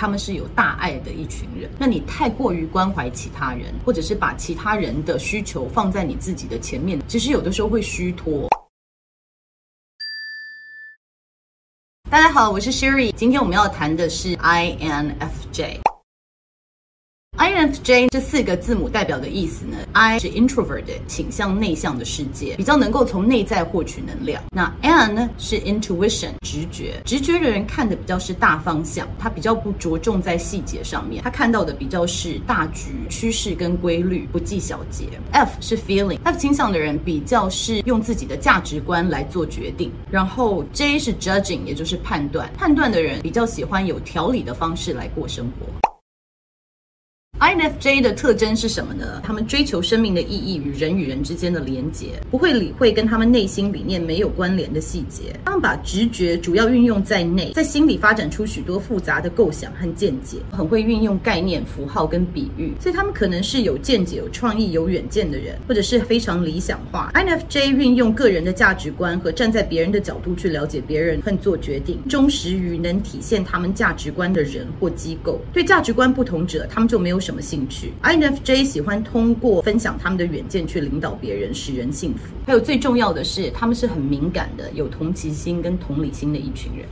他們是有大愛的一群人，那你太過於關懷其他人，或者是把其他人的需求放在你自己的前面，其實有的時候會虛脫。 大家好，我是 Sherry，今天我們要談的是 INFJ。INFJ 這四個字母代表的意思呢？I 是 introverted，傾向內向的世界，比較能夠從內在獲取能量。那 N 呢是 intuition，直覺，直覺的人看的比較是大方向，他比較不着重在細節上面，他看到的比較是大局、趨勢跟規律，不計小節。F 是 feeling，F 傾向的人比較是用自己的價值觀來做決定。然後 J 是 judging，也就是判斷，判斷的人比較喜歡有條理的方式來過生活。INFJ 的特徵是什麼呢？他們追求生命的意義與人與人之間的連結，不會理會跟他們內心理念沒有關聯的細節。他們把直覺主要運用在內，在心裡發展出許多複雜的構想和見解，很會運用概念、符號跟比喻。所以他們可能是有見解、有創意、有遠見的人，或者是非常理想化。INFJ 運用個人的價值觀和站在別人的角度去了解別人，恨做決定，忠實於能體現他們價值觀的人或機構。對價值觀不同者，他們就沒有什麼。興趣，INFJ 喜歡通過分享他們的遠見去領導別人，使人幸福。還有最重要的是，他們是很敏感的，有同情心跟同理心的一群人。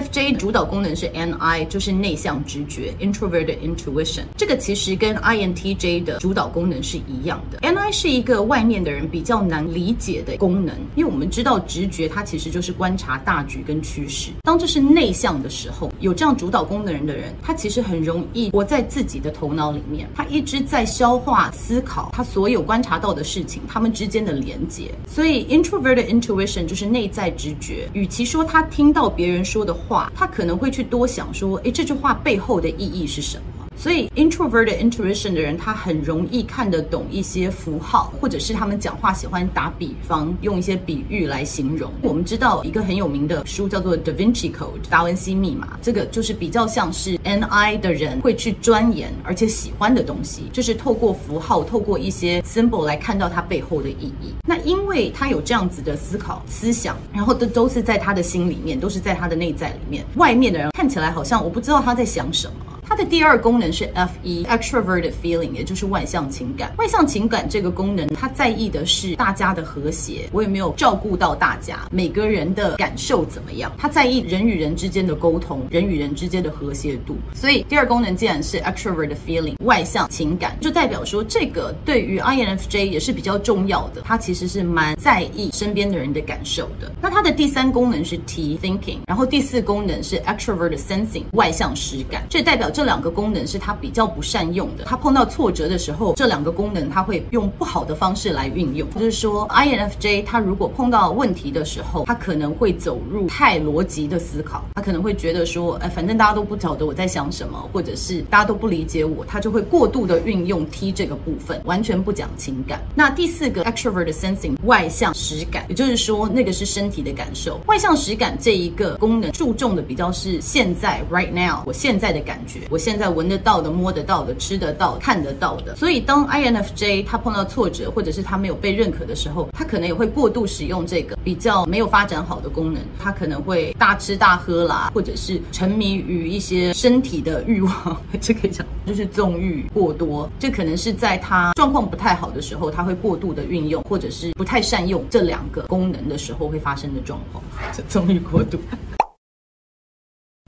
FJ 主導功能是 Ni，就是內向直覺 （Introverted Intuition）。這個其實跟 INTJ 的主導功能是一樣的。Ni 是一個外面的人比較難理解的功能，因為我們知道直覺它其實就是觀察大局跟趨勢。當這是內向的時候，有這樣主導功能的人他其實很容易活在自己的頭腦裡面，他一直在消化思考他所有觀察到的事情，他們之間的連接。所以，Introverted Intuition 就是內在直覺。與其說他聽到別人說的話，話，他可能會去多想，說：“誒，這句話背後的意義是什麼？”所以，introverted intuition 的人，他很容易看得懂一些符號，或者是他們講話喜歡打比方，用一些比喻來形容。我們知道一個很有名的書叫做《Da Vinci Code，達文西密碼》，這個就是比較像是 Ni 的人會去鑽研，而且喜歡的東西就是透過符號、透過一些 symbol 來看到它背後的意義。那因為他有這樣子的思考、思想，然後都都是在他的心裡面，都是在他的內在裡面。外面的人看起來好像，我不知道他在想什麼。它的第二功能是 Fe Extraverted Feeling，也就是外向情感。外向情感這個功能，它在意的是大家的和諧，我有沒有照顧到大家，每個人的感受怎麼樣？它在意人與人之間的溝通，人與人之間的和諧度。所以第二功能既然是 Extraverted Feeling 外向情感，就代表說，這個對於 INFJ 也是比較重要的。它其實是蠻在意身邊的人的感受的。那它的第三功能是 T Thinking，然後第四功能是 Extraverted Sensing 外向實感，這代表。這兩個功能是他比較不善用的，他碰到挫折的時候，這兩個功能他會用不好的方式來運用。就是說，INFJ 他如果碰到問題的時候，他可能會走入太邏輯的思考，他可能會覺得說，哎，反正大家都不曉得我在想什麼，或者是大家都不理解我，他就會過度的運用 T 這個部分，完全不講情感。那第四個，Extrovert Sensing 外向實感，也就是說那個是身體的感受。外向實感這一個功能注重的比較是現在，right now，我現在的感覺。我現在聞得到的、摸得到的、吃得到、看得到的，所以當 INFJ 他碰到挫折，或者是他沒有被認可的時候，他可能也會過度使用這個比較沒有發展好的功能，他可能會大吃大喝啦，或者是沉迷於一些身體的慾望， 這可以講就是縱慾過多，這可能是在他狀況不太好的時候，他會過度的運用，或者是不太善用這兩個功能的時候會發生的狀況， 這縱慾過度。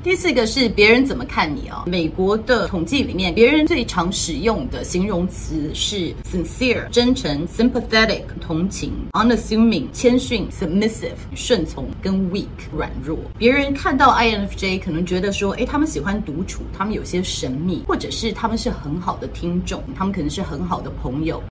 第四個是別人怎麼看你啊、哦？美國的統計裡面，別人最常使用的形容詞是 sincere（ 真誠）、sympathetic（ 同情）、unassuming（ 謙遜）、submissive（ 順從）跟 weak（ 軟弱）。別人看到 INFJ 可能覺得說，誒，他們喜歡獨處，他們有些神秘，或者是他們是很好的聽眾，他們可能是很好的朋友。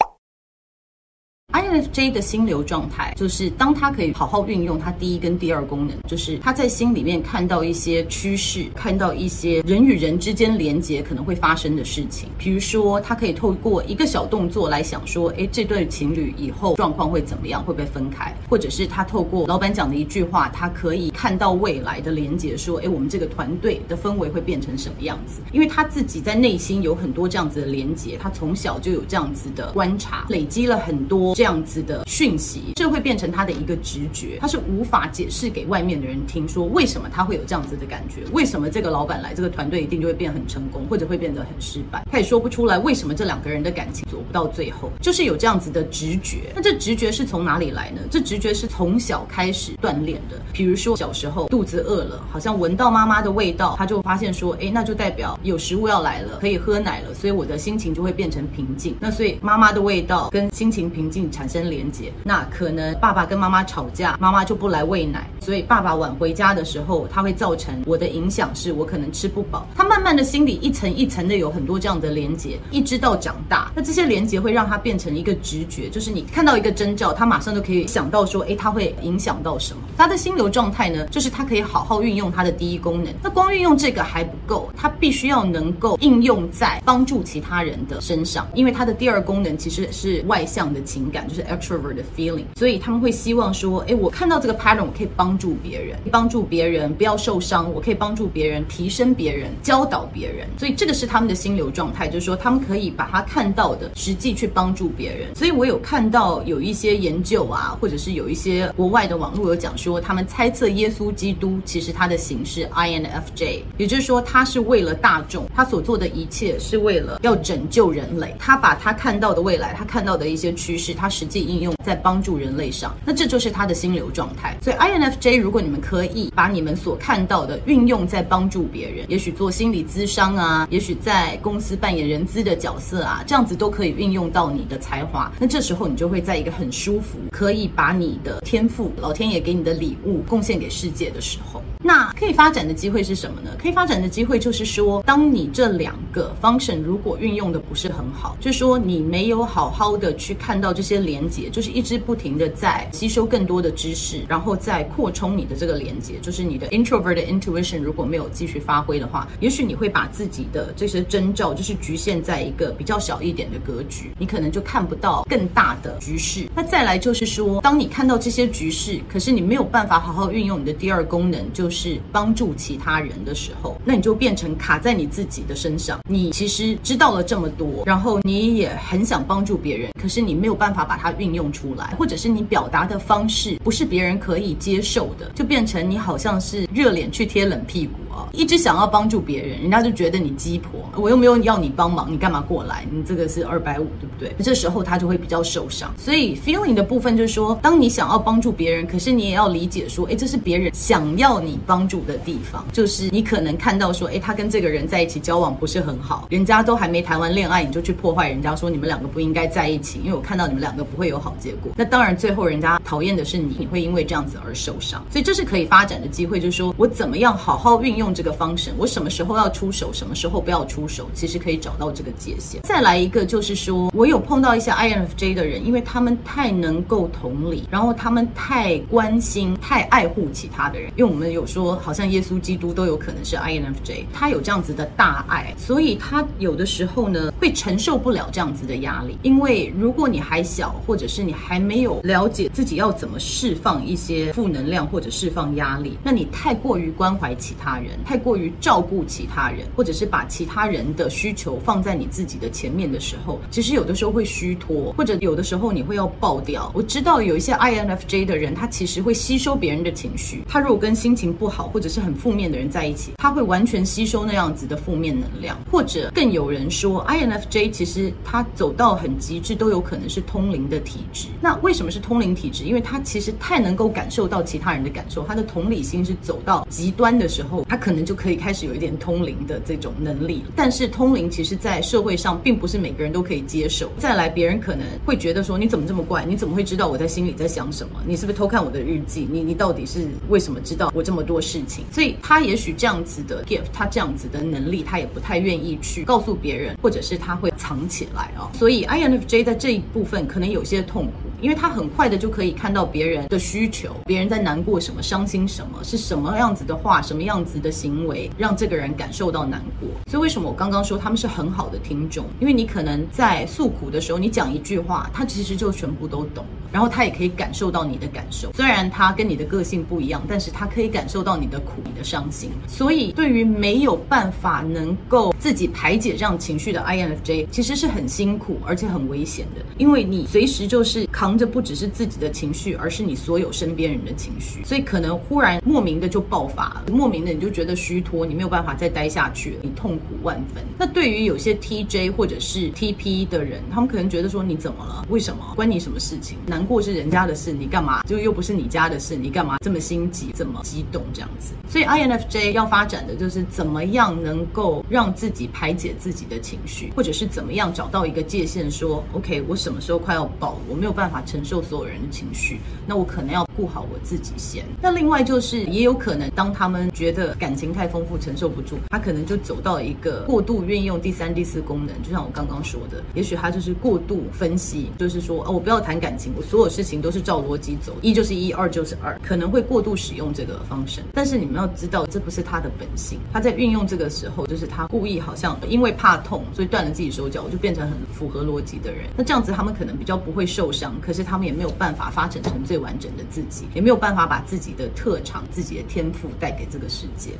INFJ 的心流狀態，就是當他可以好好運用他第一跟第二功能，就是他在心裡面看到一些趨勢，看到一些人與人之間連結可能會發生的事情。比如說，他可以透過一個小動作來想說，哎，這對情侶以後狀況會怎麼樣，會不會分開？或者是他透過老板講的一句話，他可以看到未來的連結，說，哎，我們這個團隊的氛圍會變成什麼樣子？因為他自己在內心有很多這樣子的連結，他從小就有這樣子的觀察，累積了很多。這樣子的訊息，這會變成他的一個直覺，他是無法解釋給外面的人聽，說為什麼他會有這樣子的感覺，為什麼這個老板來這個團隊一定就會變很成功，或者會變得很失敗，他也說不出來為什麼這兩個人的感情走不到最後，就是有這樣子的直覺。那這直覺是從哪裡來呢？這直覺是從小開始鍛鍊的。比如說，小時候肚子餓了，好像聞到媽媽的味道，他就發現說，誒，那就代表有食物要來了，可以喝奶了，所以我的心情就會變成平靜。那所以媽媽的味道跟心情平靜產生連結，那可能爸爸跟媽媽吵架，媽媽就不來餵奶。所以爸爸晚回家的時候，他會造成我的影響，是我可能吃不飽。他慢慢的心裡一層一層的有很多這樣的連結，一直到長大，那這些連結會讓他變成一個直覺，就是你看到一個徵兆，他馬上就可以想到說，哎，他會影響到什麼？他的心流狀態呢，就是他可以好好運用他的第一功能。那光運用這個還不夠，他必須要能夠應用在幫助其他人的身上，因為他的第二功能其實是外向的情感，就是 extraverted feeling。所以他們會希望說，哎，我看到這個 pattern，我可以幫。幫助別人，幫助別人不要受傷，我可以幫助別人，提升別人，教導別人，所以這個是他們的心流狀態，就是說他們可以把他看到的實際去幫助別人。所以我有看到有一些研究啊，或者是有一些國外的網絡有講說，他們猜測耶穌基督其實他的型是 INFJ，也就是說他是為了大眾，他所做的一切是為了要拯救人類，他把他看到的未來，他看到的一些趨勢，他實際應用在幫助人類上，那這就是他的心流狀態。所以 INFJ。所以，如果你們可以把你們所看到的運用在幫助別人，也許做心理諮商啊，也許在公司扮演人資的角色啊，這樣子都可以運用到你的才華。那這時候，你就會在一個很舒服，可以把你的天賦、老天爺給你的禮物貢獻給世界的時候。那可以發展的機會是什麼呢？可以發展的機會就是說，當你這兩個 function 如果運用的不是很好，就是說你沒有好好的去看到這些連接，就是一直不停的在吸收更多的知識，然後再擴充你的這個連接。就是你的 introverted intuition 如果沒有繼續發揮的話，也許你會把自己的這些徵兆就是局限在一個比較小一點的格局，你可能就看不到更大的局勢。那再來就是說，當你看到這些局勢，可是你沒有辦法好好運用你的第二功能，就是。是幫助其他人的時候，那你就變成卡在你自己的身上。你其實知道了這麼多，然後你也很想幫助別人，可是你沒有辦法把它運用出來，或者是你表達的方式不是別人可以接受的，就變成你好像是熱臉去貼冷屁股。一直想要幫助別人，人家就覺得你雞婆。我又沒有要你幫忙，你幹嘛過來？你這個是二百五，對不對？這時候他就會比較受傷。所以 feeling 的部分就是說，當你想要幫助別人，可是你也要理解說，哎，這是別人想要你幫助的地方。就是你可能看到說，哎，他跟這個人在一起交往不是很好，人家都還沒談完戀愛，你就去破壞人家，說你們兩個不應該在一起，因為我看到你們兩個不會有好結果。那當然，最後人家討厭的是你，你會因為這樣子而受傷。所以這是可以發展的機會，就是說我怎麼樣好好運用。用這個方式，我什麼時候要出手，什麼時候不要出手，其實可以找到這個界限。再來一個，就是說我有碰到一些 INFJ 的人，因為他們太能夠同理，然後他們太關心、太愛護其他的人。因為我們有說，好像耶穌基督都有可能是 INFJ，他有這樣子的大愛，所以他有的時候呢會承受不了這樣子的壓力。因為如果你還小，或者是你還沒有了解自己要怎麼釋放一些負能量或者釋放壓力，那你太過於關懷其他人。太過於照顧其他人，或者是把其他人的需求放在你自己的前面的時候，其實有的時候會虛脫，或者有的時候你會要爆掉。我知道有一些 INFJ 的人，他其實會吸收別人的情緒。他如果跟心情不好或者是很負面的人在一起，他會完全吸收那樣子的負面能量。或者更有人說，INFJ 其實他走到很極致都有可能是通靈的體質。那為什麼是通靈體質？因為他其實太能夠感受到其他人的感受，他的同理心是走到極端的時候，他。他可能就可以開始有一點通靈的這種能力，但是通靈其實，在社會上並不是每個人都可以接受。再來，別人可能會覺得說：“你怎麼這麼怪？你怎麼會知道我在心裡在想什麼？你是不是偷看我的日記？你你到底是為什麼知道我這麼多事情？”所以他也許這樣子的 gift，他這樣子的能力，他也不太願意去告訴別人，或者是他會藏起來啊、哦。所以 INFJ 在這一部分可能有些痛苦。因為他很快的就可以看到別人的需求，別人在難過什麼、傷心什麼，是什麼樣子的話、什麼樣子的行為，讓這個人感受到難過。所以為什麼我剛剛說他們是很好的聽眾？因為你可能在訴苦的時候，你講一句話，他其實就全部都懂，然後他也可以感受到你的感受。雖然他跟你的個性不一樣，但是他可以感受到你的苦、你的傷心。所以對於沒有辦法能夠自己排解這樣情緒的 INFJ，其實是很辛苦而且很危險的，因為你隨時就是扛。藏着不只是自己的情緒，而是你所有身邊人的情緒，所以可能忽然莫名的就爆發了，莫名的你就覺得虛脫，你沒有辦法再待下去了，你痛苦萬分。那對於有些 TJ 或者是 TP 的人，他們可能覺得說你怎麼了？為什麼關你什麼事情？難過是人家的事，你幹嘛就又不是你家的事，你幹嘛這麼心急、這麼激動這樣子？所以 INFJ 要發展的就是怎麼樣能夠讓自己排解自己的情緒，或者是怎麼樣找到一個界限說，說 OK，我什麼時候快要爆，我沒有辦法。承受所有人的情緒，那我可能要顧好我自己先。那另外就是，也有可能當他們覺得感情太豐富，承受不住，他可能就走到一個過度運用第三、第四功能。就像我剛剛說的，也許他就是過度分析，就是說啊，哦，我不要談感情，我所有事情都是照邏輯走，一就是一，二就是二，可能會過度使用這個方式。但是你們要知道，這不是他的本性，他在運用這個時候，就是他故意好像因為怕痛，所以斷了自己手腳，我就變成很符合邏輯的人。那這樣子，他們可能比較不會受傷。可是他們也沒有辦法發展成最完整的自己，也沒有辦法把自己的特長、自己的天賦帶給這個世界。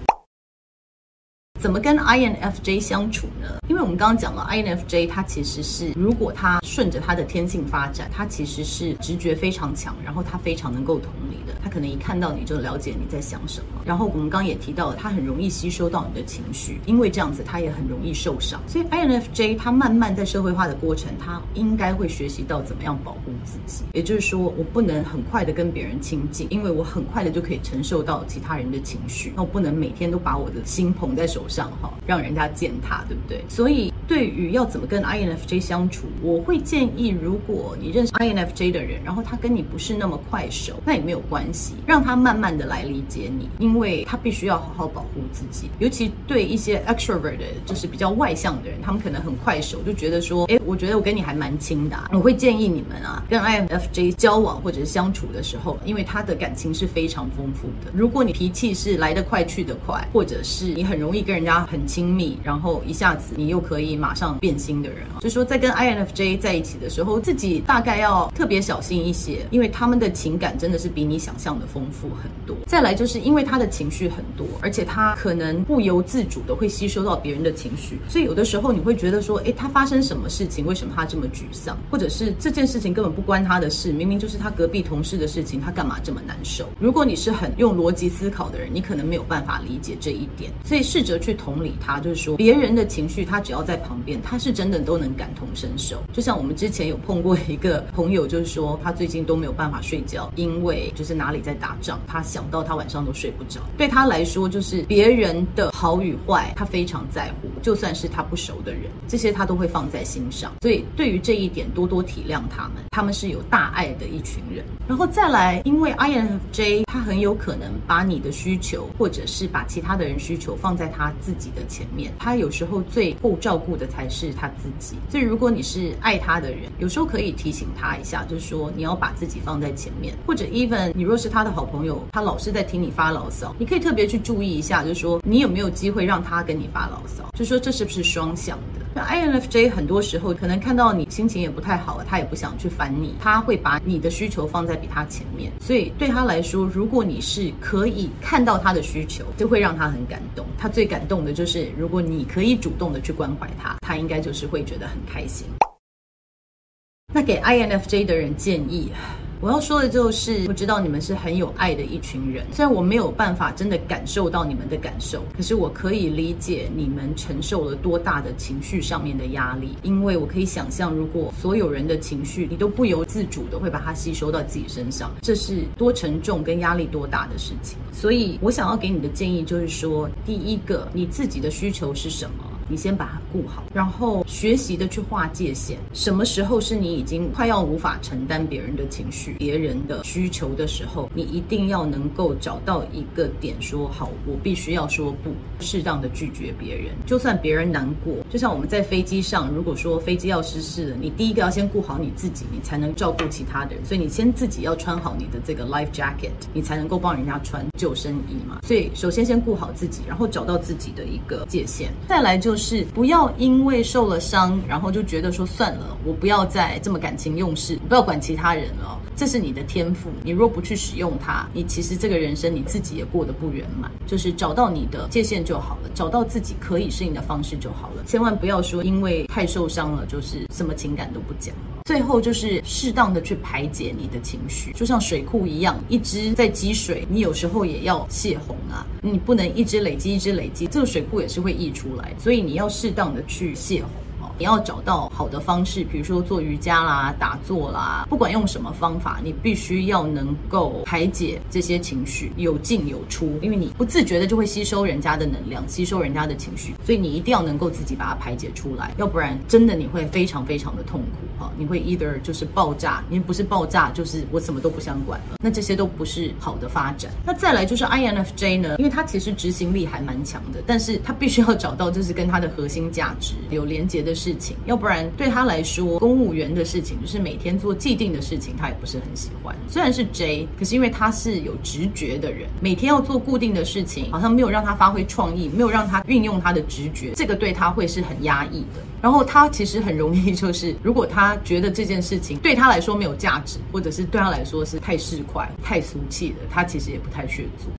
怎麼跟 INFJ 相處呢？因為我們剛剛講了，INFJ 他其實是如果他順着他的天性發展，他其實是直覺非常強，然後他非常能夠同理的，他可能一看到你就了解你在想什麼。然後我們剛也提到了，他很容易吸收到你的情緒，因為這樣子他也很容易受傷。所以 INFJ 他慢慢在社會化的過程，他應該會學習到怎麼樣保護自己。也就是說，我不能很快的跟別人親近，因為我很快的就可以承受到其他人的情緒。那我不能每天都把我的心捧在手上哈，讓人家踐踏，對不對？所以對於要怎麼跟 INFJ 相處，我會建議，如果你認識 INFJ 的人，然後他跟你不是那麼快熟，那也沒有關係，讓他慢慢的來理解你，因為他必須要好好保護自己。尤其對一些 extrovert，就是比較外向的人，他們可能很快熟，就覺得說，哎，我覺得我跟你還蠻親的啊。我會建議你們啊，跟 INFJ 交往，或者是相處的時候，因為他的感情是非常豐富的。如果你脾氣是來得快去得快，或者是你很容易跟人。人家很親密，然後一下子你又可以馬上變心的人啊，就說在跟 INFJ 在一起的時候，自己大概要特別小心一些，因為他們的情感真的是比你想象的豐富很多。再來就是因為他的情緒很多，而且他可能不由自主的會吸收到別人的情緒，所以有的時候你會覺得說，誒，他發生什麼事情？為什麼他這麼沮喪？或者是這件事情根本不關他的事，明明就是他隔壁同事的事情，他幹嘛這麼難受？如果你是很用邏輯思考的人，你可能沒有辦法理解這一點，所以試着，去同理他，就是說別人的情緒，他只要在旁邊，他是真的都能感同身受。就像我們之前有碰過一個朋友，就是說他最近都沒有辦法睡覺，因為就是哪裡在打仗，他想到他晚上都睡不着。對他來說，就是別人的好與壞，他非常在乎，就算是他不熟的人，這些他都會放在心上。所以對於這一點，多多體諒他們，他們是有大愛的一群人。然後再來，因為 INFJ，他很有可能把你的需求，或者是把其他的人需求放在他。自己的前面，他有時候最後照顧的才是他自己。所以，如果你是愛他的人，有時候可以提醒他一下，就是說你要把自己放在前面。或者，even 你若是他的好朋友，他老是在聽你發牢騷，你可以特別去注意一下，就是說你有沒有機會讓他跟你發牢騷，就是說這是不是雙向的。那 INFJ 很多時候可能看到你心情也不太好，他也不想去煩你，他會把你的需求放在比他前面。所以對他來說，如果你是可以看到他的需求，就會讓他很感動。他最感動的就是，如果你可以主動的去關懷他，他應該就是會覺得很開心。那給 INFJ 的人建議。我要說的，就是我知道你們是很有愛的一群人。雖然我沒有辦法真的感受到你們的感受，可是我可以理解你們承受了多大的情緒上面的壓力。因為我可以想象，如果所有人的情緒你都不由自主的會把它吸收到自己身上，這是多沉重跟壓力多大的事情。所以我想要給你的建議就是說，第一個，你自己的需求是什麼？你先把它顧好，然後學習的去劃界限。什麼時候是你已經快要無法承擔別人的情緒、別人的需求的時候，你一定要能夠找到一個點說“好，我必須要說“不”，適當的拒絕別人。就算別人難過，就像我們在飛機上，如果說飛機要失事了，你第一個要先顧好你自己，你才能照顧其他的人。所以你先自己要穿好你的這個 life jacket，你才能夠幫人家穿救生衣嘛。所以首先先顧好自己，然後找到自己的一個界限，再來就是。就是不要因為受了傷，然後就覺得說算了，我不要再這麼感情用事，不要管其他人了。這是你的天賦，你若不去使用它，你其實這個人生你自己也過得不圓滿。就是找到你的界限就好了，找到自己可以適應的方式就好了。千萬不要說因為太受傷了，就是什麼情感都不講。最後就是適當的去排解你的情緒，就像水庫一樣，一直在積水，你有時候也要洩洪啊。你不能一直累積，一直累積，這個水庫也是會溢出來，所以。你要適當的去洩洪。你要找到好的方式，比如說做瑜伽啦、打坐啦，不管用什麼方法，你必須要能夠排解這些情緒，有進有出。因為你不自覺的就會吸收人家的能量，吸收人家的情緒，所以你一定要能夠自己把它排解出來，要不然真的你會非常非常的痛苦啊！你會 either 就是爆炸，你不是爆炸就是我什麼都不想管了。那這些都不是好的發展。那再來就是 INFJ 呢，因為他其實執行力還蠻強的，但是他必須要找到就是跟他的核心價值有連結的事。事情，要不然對他來說，公務員的事情就是每天做既定的事情，他也不是很喜歡。雖然是 J，可是因為他是有直覺的人，每天要做固定的事情，好像沒有讓他發揮創意，沒有讓他運用他的直覺，這個對他會是很壓抑的。然後他其實很容易就是，如果他覺得這件事情對他來說沒有價值，或者是對他來說是太市儈、太俗氣的，他其實也不太去做。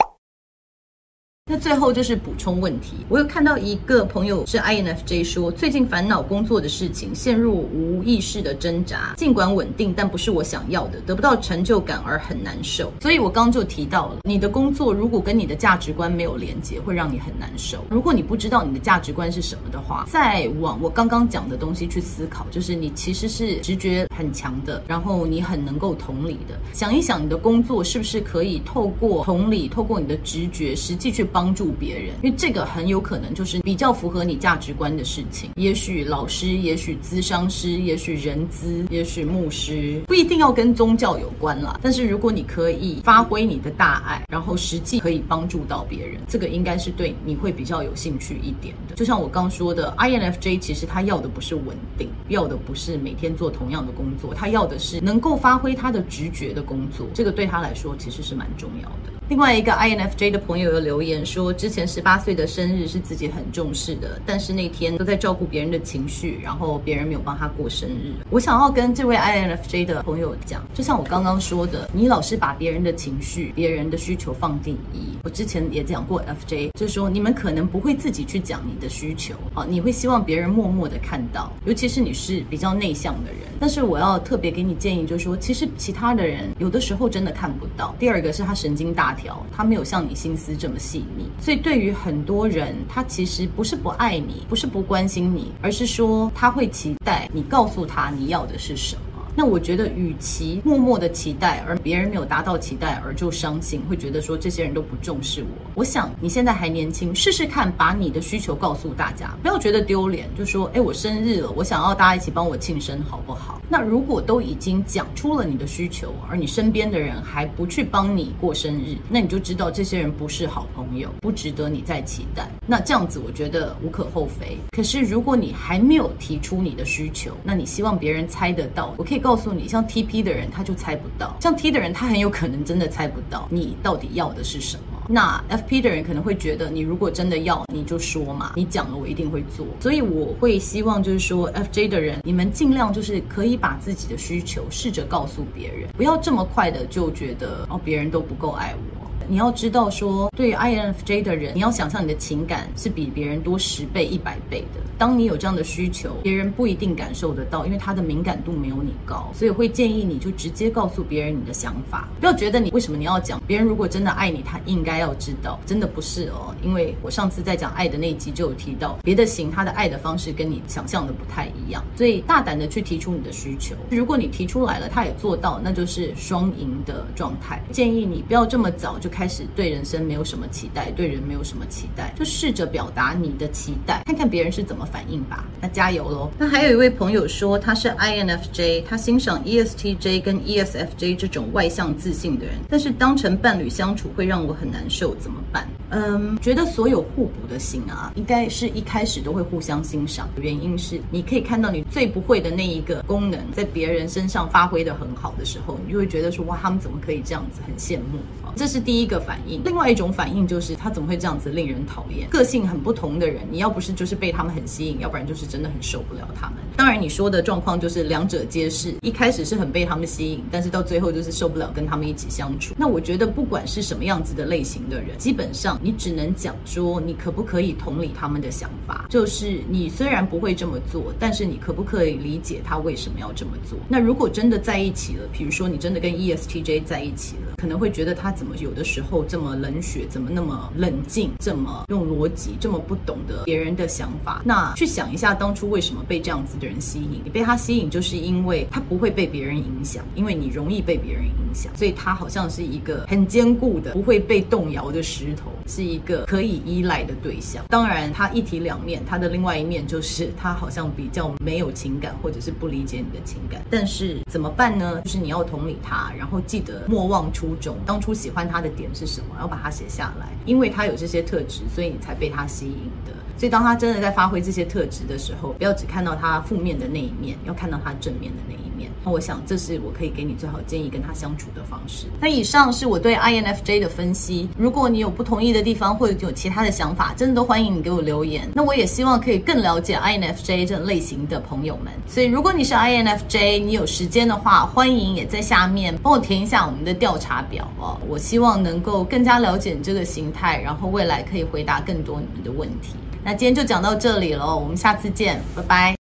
那最後就是補充問題，我有看到一個朋友是 INFJ，說最近煩惱工作的事情，陷入無意識的掙扎，儘管穩定，但不是我想要的，得不到成就感而很難受。所以我剛就提到了，你的工作如果跟你的價值觀沒有連接，會讓你很難受。如果你不知道你的價值觀是什麼的話，再往我剛剛講的東西去思考，就是你其實是直覺很強的，然後你很能夠同理的，想一想你的工作是不是可以透過同理，透過你的直覺，實際去幫。幫助別人，因為這個很有可能就是比較符合你價值觀的事情。也許老師，也許諮商師，也許人資，也許牧師，不一定要跟宗教有關啦。但是如果你可以發揮你的大愛，然後實際可以幫助到別人，這個應該是對你會比較有興趣一點的。就像我剛說的 INFJ，其實他要的不是穩定，要的不是每天做同樣的工作，他要的是能夠發揮他的直覺的工作，這個對他來說其實是蠻重要的。另外一個 INFJ 的朋友有留言說，之前十八歲的生日是自己很重視的，但是那天都在照顧別人的情緒，然後別人沒有幫他過生日。我想要跟這位 INFJ 的朋友講，就像我剛剛說的，你老是把別人的情緒、別人的需求放第一。我之前也講過，FJ 就是說你們可能不會自己去講你的需求，啊，你會希望別人默默的看到，尤其是你是比較內向的人。但是我要特別給你建議，就是說，其實其他的人有的時候真的看不到。第二個是他神經大。他沒有像你心思這麼細膩，所以對於很多人，他其實不是不愛你，不是不關心你，而是說他會期待你告訴他你要的是什麼。那我覺得，與其默默的期待，而別人沒有達到期待而就傷心，會覺得說這些人都不重視我。我想你現在還年輕，試試看把你的需求告訴大家，不要覺得丟臉，就說誒，我生日了，我想要大家一起幫我慶生，好不好？那如果都已經講出了你的需求，而你身邊的人還不去幫你過生日，那你就知道這些人不是好朋友，不值得你再期待。那這樣子我覺得無可厚非。可是如果你還沒有提出你的需求，那你希望別人猜得到，我可以。告訴你，像 TP 的人他就猜不到，像 T 的人他很有可能真的猜不到你到底要的是什麼。那 FP 的人可能會覺得，你如果真的要，你就說嘛，你講了我一定會做。所以我會希望就是說，FJ 的人你們盡量就是可以把自己的需求試着告訴別人，不要這麼快的就覺得哦，別人都不夠愛我。你要知道說，對 INFJ 的人，你要想象你的情感是比別人多十倍、一百倍的。當你有這樣的需求，別人不一定感受得到，因為他的敏感度沒有你高，所以會建議你就直接告訴別人你的想法。不要覺得你為什麼你要講，別人如果真的愛你，他應該要知道，真的不是哦。因為我上次在講愛的那一集就有提到，別的型他的愛的方式跟你想象的不太一樣，所以大膽的去提出你的需求。如果你提出來了，他也做到，那就是雙贏的狀態。建議你不要這麼早就開。開始對人生沒有什麼期待，對人沒有什麼期待，就試着表達你的期待，看看別人是怎麼反應吧。那加油嘍！那還有一位朋友說他是 INFJ，他欣賞 ESTJ 跟 ESFJ 這種外向自信的人，但是當成伴侶相處會讓我很難受，怎麼辦？嗯，覺得所有互補的型啊，應該是一開始都會互相欣賞，原因是你可以看到你最不會的那一個功能在別人身上發揮得很好的時候，你就會覺得說哇，他們怎麼可以這樣子，很羨慕。這是第一個反應，另外一種反應就是他怎麼會這樣子令人討厭？個性很不同的人，你要不是就是被他們很吸引，要不然就是真的很受不了他們。當然你說的狀況就是兩者皆是，一開始是很被他們吸引，但是到最後就是受不了跟他們一起相處。那我覺得不管是什麼樣子的類型的人，基本上你只能講說你可不可以同理他們的想法，就是你雖然不會這麼做，但是你可不可以理解他為什麼要這麼做？那如果真的在一起了，比如說你真的跟 ESTJ 在一起了。可能會覺得他怎麼有的時候這麼冷血，怎麼那麼冷靜，這麼用邏輯，這麼不懂得別人的想法。那去想一下當初為什麼被這樣子的人吸引？你被他吸引，就是因為他不會被別人影響，因為你容易被別人影響，所以他好像是一個很堅固的、不會被動搖的石頭。是一個可以依賴的對象，當然他一體兩面，他的另外一面就是他好像比較沒有情感，或者是不理解你的情感。但是怎麼辦呢？就是你要同理他，然後記得莫忘初衷，當初喜歡他的點是什麼，要把它寫下來，因為他有這些特質，所以你才被他吸引的。所以，當他真的在發揮這些特質的時候，不要只看到他負面的那一面，要看到他正面的那一面。那我想，這是我可以給你最好建議，跟他相處的方式。那以上是我對 INFJ 的分析。如果你有不同意的地方，或者有其他的想法，真的都歡迎你給我留言。那我也希望可以更了解 INFJ 這類型的朋友們。所以，如果你是 INFJ，你有時間的話，歡迎也在下面幫我填一下我們的調查表哦。我希望能夠更加了解你這個形態，然後未來可以回答更多你們的問題。那今天就講到這裡了，我們下次見，拜拜。